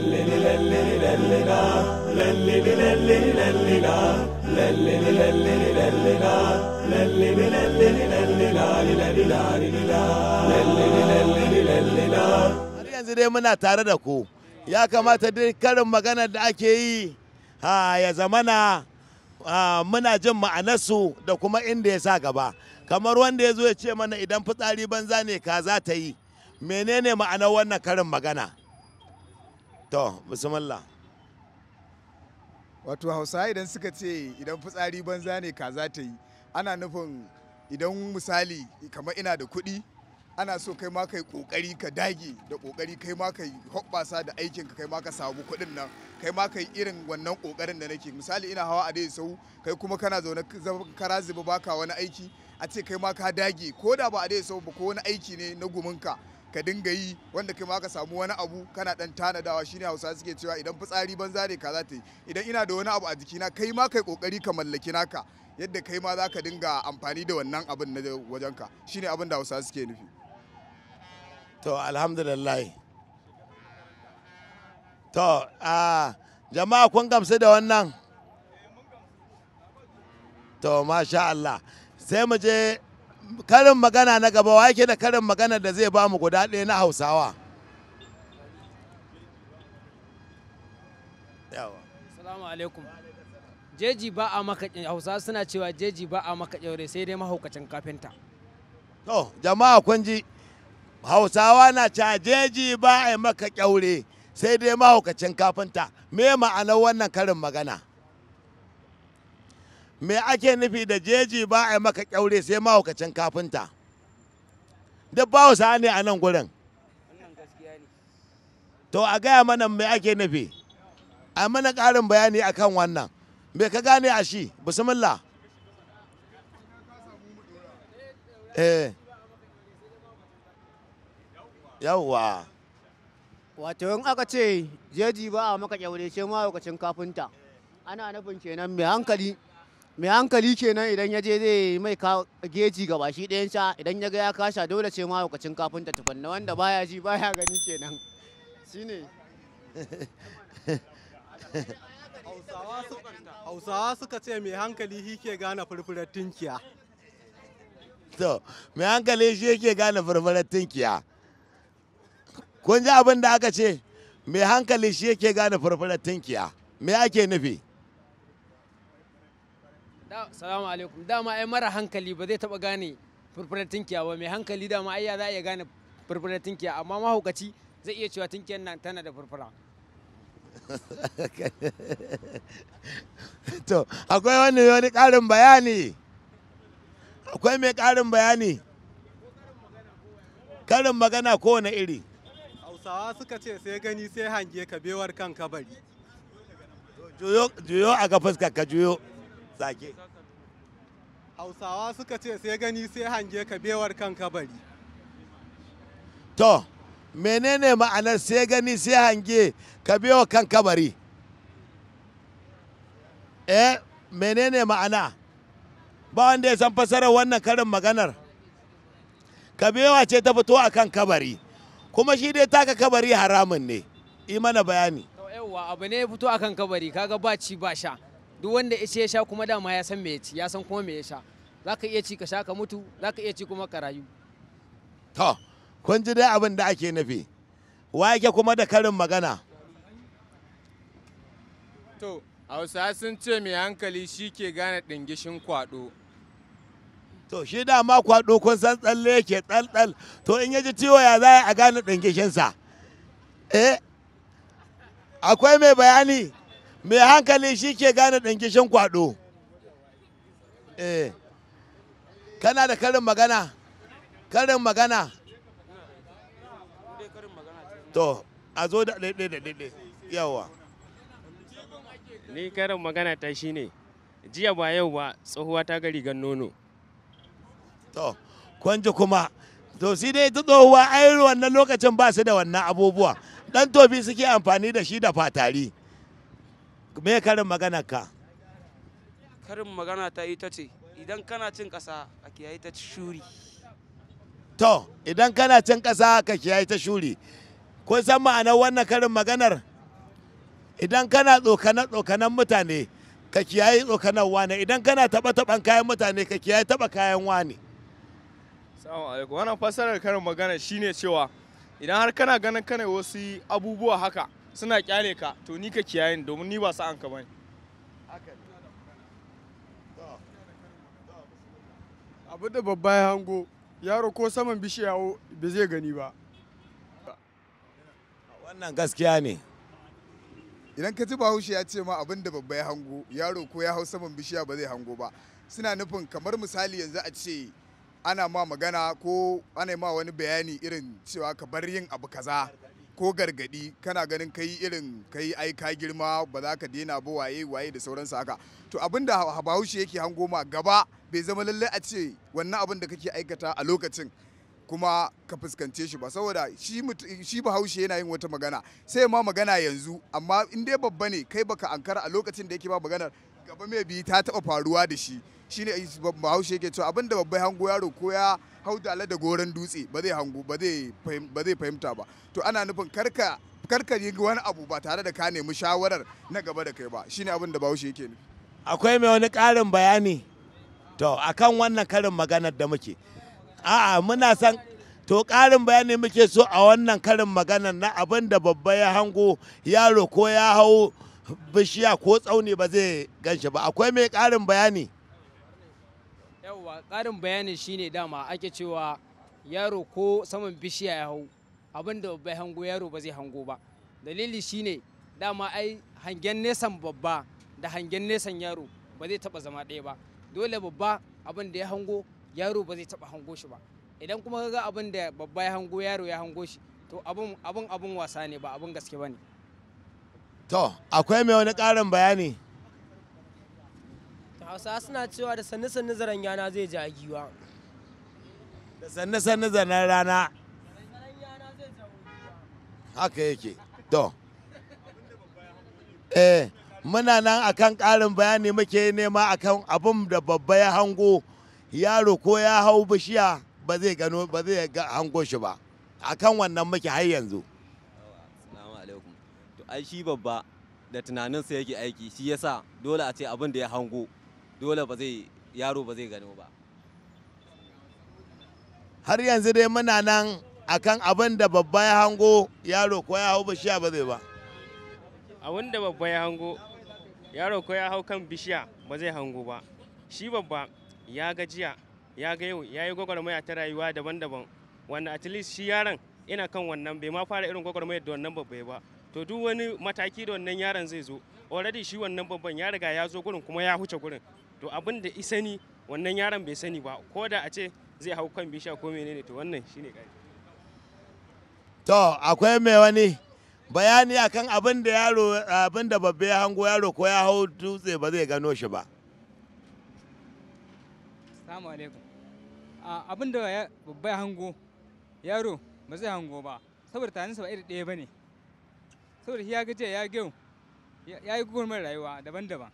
har yanzu dai muna tare da ku ya kamata dai karin magana da ake yi ha ya zamana muna jin ma'anarsu da kuma inda ya sa gaba kamar wanda ya zo ya ce mana idan fitsari banza ne ka za ta yi menene ma'anar wannan karin magana to bismillah wato hausa idan suka ce idan fitsari banza ne kaza ta yi ana nufin idan misali kamar ina da kuɗi ana so kai ma kai kokari ka dage da kokari kai ma kai hoɓɓasa da aikin ka kai ma ka samu kuɗin nan kai ma kai irin wannan kokarin da nake misali ina hawa a dai sau kai kuma kana zaune kara zuba baka wani aiki a ce kai ma ka dage ko da ba a dai sau ba ko wani aiki ne na gumin ka ka dinga yi wanda kai ma ka samu wani abu kana dan tanadawa shine hausa suke cewa idan fitsari banza ne kaza ta yi idan ina da wani abu a jikina kai ma kai kokari ka mallaki naka yadda kai ma za ka dinga amfani da wannan abin na wajenka shine abin da hausa suke nufi to alhamdulillah to a jama'a kun gamsu da wannan to masha Allah sai mu je karin magana na gaba wa yake da karin magana da zai ba mu guda ɗaya na hausawa salamu alaikum. Jeji ba a maka hausa suna cewa jeji ba a maka kyaure sai dai mahaukacin kafinta. To jama'a kun ji hausawa na cewa jeji ba a maka kyaure sai dai mahaukacin kafinta. Me ma'anar wannan karin magana? me ake nufi da jeji ba a maka kyaure sai mahaukacin kafinta duk ba wasa a nan gurin to a gaya mana me ake nufi a mana ƙarin bayani akan wannan me ka gane a shi bismillah eh yawwa wato in aka ce jeji ba a maka kyaure sai mahaukacin kafinta ana nufin kenan mai hankali mai hankali kenan idan ya je zai mai geji ga bashi ɗayan sha idan ya ga ya kasha dole ce lokacin kafin ta na wanda baya ji baya gani kenan shine hausawa suka ce mai hankali shi ke gane furfurar tinkiya to mai hankali shi ke gane furfurar tinkiya kun ji abin da aka ce mai hankali shi ke gane furfurar tinkiya me ake nufi salamu alaikum dama ai mara hankali ba zai taba gane furfurar tinkiya ba mai hankali dama ai ya za a iya gane furfurar tinkiya amma mahaukaci zai iya cewa tinkiyar nan tana da furfura to akwai wani wani karin bayani akwai mai karin bayani karin magana kowane iri hausawa suka ce sai gani sai hange ka bewar kan kabari juyo a ka fuskar ka juyo zage hausawa suka ce sai gani sai hange ka bewar kanka bari to menene ma'anar sai gani sai hange ka bewar kan kabari eh menene ma'ana ba wanda ya san fasarar wannan karin maganar kabewa ce ta fito akan kabari kuma shi dai taka kabari haramun ne imana bayani yauwa abu ne ya fito akan kabari kaga ba ci ba sha duk wanda ya ce ya sha kuma dama ya san me ya ci ya san kuma me ya sha za ka iya ci ka sha ka mutu za ka iya ci kuma ka rayu to kun ji dai abin da ake nufi wa yake kuma da karin magana to hausa sun ce mai hankali shi ke gane ɗingishin kwaɗo to shi dama kwaɗo kun san tsalle yake tsaltsal to in ya ji ciwo ya za a gane ɗingishinsa eh akwai mai bayani mai hankali shi ke gane ɗinkishin kwaɗo eh. kana da karin magana karin magana to a zo da ɗaiɗe da ɗaiɗe yawa ni karin magana ta shi ne jiya ba yau ba tsohuwa ta gari gan nono to kwanji kuma to shi dai ta tsohuwa ayi wannan lokacin ba su da wannan abubuwa dan tobi suke amfani da shi da fatari me karin magana ka karin magana ta ita ce idan kana cin ƙasa a kiyaye ta shuri to idan kana cin ƙasa ka kiyaye ta shuri kun san ma'anar wannan karin maganar idan kana tsokanar tsokanan mutane ka kiyaye tsokanar wani idan kana taɓa taban kayan mutane ka kiyaye taɓa kayan wani. salamu alaikum wannan fasarar karin magana shine cewa idan har kana ganin kana wasu abubuwa haka suna kyale ka to ni ka kiyaye ni domin ni ba sa'an ka bane abu da babba ya hango yaro ko saman bishiya ba zai gani ba wannan gaskiya ne idan ka ji bahaushe ya ce ma abin da babba ya hango yaro ko ya hau saman bishiya ba zai hango ba suna nufin kamar misali yanzu a ce ana ma magana ko ana ma wani bayani irin cewa ka bar yin abu kaza ko gargadi kana ganin kai irin kai ai ka girma ba za ka daina ba waye waye da sauransu haka to abin da bahaushe yake hango ma gaba bai zama lalle a ce wannan abin da kake aikata a lokacin kuma ka fuskance shi ba saboda shi bahaushe yana yin wata magana sai ma magana yanzu amma in dai babba ne kai baka ankara a lokacin da yake ba maganar gaba mai bi ta taba faruwa da shi shine bahaushe yake cewa abinda babbai hango yaro ko ya hau dala da goron dutse ba zai hango ba zai fahimta ba to ana nufin karka karka yi wani abu ba tare da ka nemi shawarar na gaba da kai ba shine abin da bahaushe yake akwai mai wani ƙarin bayani to akan wannan karin maganar da muke a'a muna san to ƙarin bayani muke so a wannan karin maganar na abin da babba ya hango yaro ko ya hau bishiya ko tsauni ba zai ganshi ba akwai mai ƙarin bayani yawwa ƙarin bayanin shine dama ake cewa yaro ko saman bishiya ya hau abinda da bai hango yaro ba zai hango ba dalili shine dama ai hangen nesan babba da hangen nesan yaro ba zai taba zama ɗaya ba dole babba abin da ya hango yaro ba zai taba hango shi ba idan kuma kaga abin da babba ya hango yaro ya hango shi to abin abin wasa ne ba abin gaske ba to akwai mai wani ƙarin bayani hausa suna cewa da sannu sannu zaren yana zai ja giwa da sannu sannu zaren rana haka yake to eh muna nan akan ƙarin bayani muke nema akan abin da babba ya hango yaro ko ya hau bishiya ba zai gano ba zai hango shi ba akan wannan muke har yanzu assalamu alaikum to ai shi babba da tunaninsa yake aiki shi yasa dole a ce abin da ya hango dole ba zai yaro ba zai gano ba har yanzu dai muna nan akan abin da babba ya hango yaro ko ya hau bishiya ba zai ba abin da babba ya hango yaro ko ya hau kan bishiya ba zai hango ba shi babba ya gajiya ya ga yau ya yi gwagwarmaya ta rayuwa daban-daban wanda at least shi yaron ina kan wannan bai ma fara irin gwagwarmaya da wannan babba ba to duk wani mataki da wannan yaron zai zo already shi wannan babban ya riga ya zo gurin kuma ya huce gurin to abin da isani wannan yaron bai sani ba ko da a ce zai hau kan bisha ko menene to wannan shine kai to akwai mai wani bayani akan abin da yaro abin da babba ya hango yaro ko ya hau dutse ba zai gano shi ba assalamu alaikum abin da babba ya hango yaro ba zai hango ba saboda sa ba iri ɗaya ba ne saboda ya gaje ya gyau ya yi gurmar rayuwa daban-daban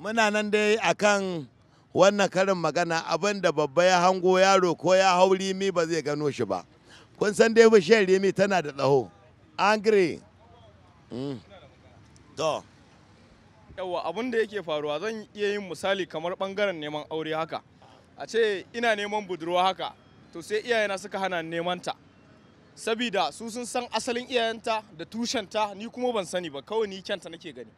muna nan dai akan wannan karin magana abin babba ya hango yaro ko ya hau rimi ba zai gano shi ba kun san dai bishiyar rimi tana da tsaho angry mm. to yawa abin da yake faruwa zan iya yin misali kamar bangaren neman aure haka a ce ina neman budurwa haka to sai iyayena suka hana neman ta sabida su sun san asalin iyayenta da tushenta ni kuma ban sani ba kawai ni kyanta nake gani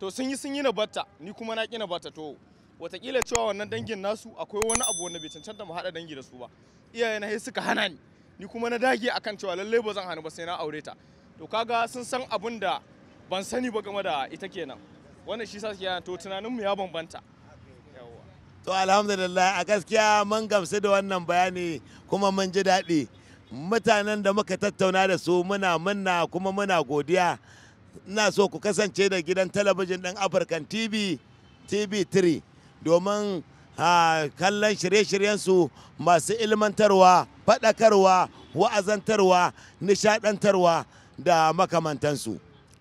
to sun yi sun yi na bata ni kuma na kina bata to watakila cewa wannan dangin nasu akwai wani abu wanda bai cancanta mu haɗa dangi da su ba iyaye na suka hana ni ni kuma na dage akan cewa lalle ba zan hana ba sai na aure ta to kaga sun san abun da ban sani ba game da ita kenan wannan shi sa suke to tunanin mu ya bambanta to alhamdulillah a gaskiya mun gamsu da wannan bayani kuma mun ji daɗi mutanen da muka tattauna da su muna muna kuma muna godiya ina so ku kasance da gidan talabijin ɗin african tv tv3 domin kallon shirye shiryen su masu ilmantarwa faɗakarwa wa'azantarwa nishaɗantarwa da makamantansu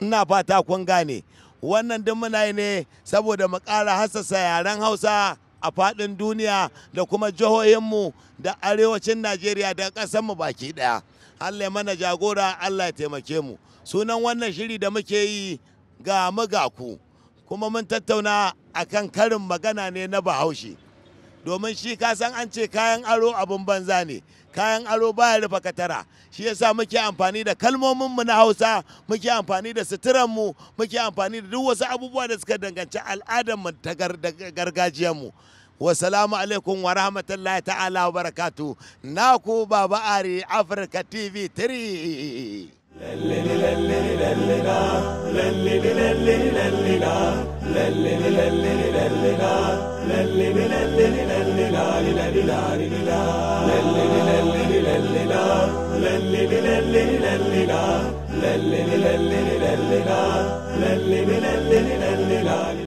ina fata kun gane wannan duk muna yi ne saboda mu ƙara hassasa yaren hausa a faɗin duniya da kuma jihohinmu da arewacin najeriya da ƙasarmu baki ɗaya Allah ya mana jagora Allah ya taimake mu sunan wannan shiri da muke yi ga ku kuma mun tattauna akan karin magana ne na bahaushe domin shi ka san an ce kayan aro abin banza ne kayan aro baya rufe katara shi yasa muke amfani da kalmomin mu na hausa muke amfani da suturan mu muke amfani da duk wasu abubuwa da suka danganci al'adar mu ta gargajiyar mu والسلام عليكم ورحمة الله تعالى وبركاته ناكو بابا آري أفريكا تي في تري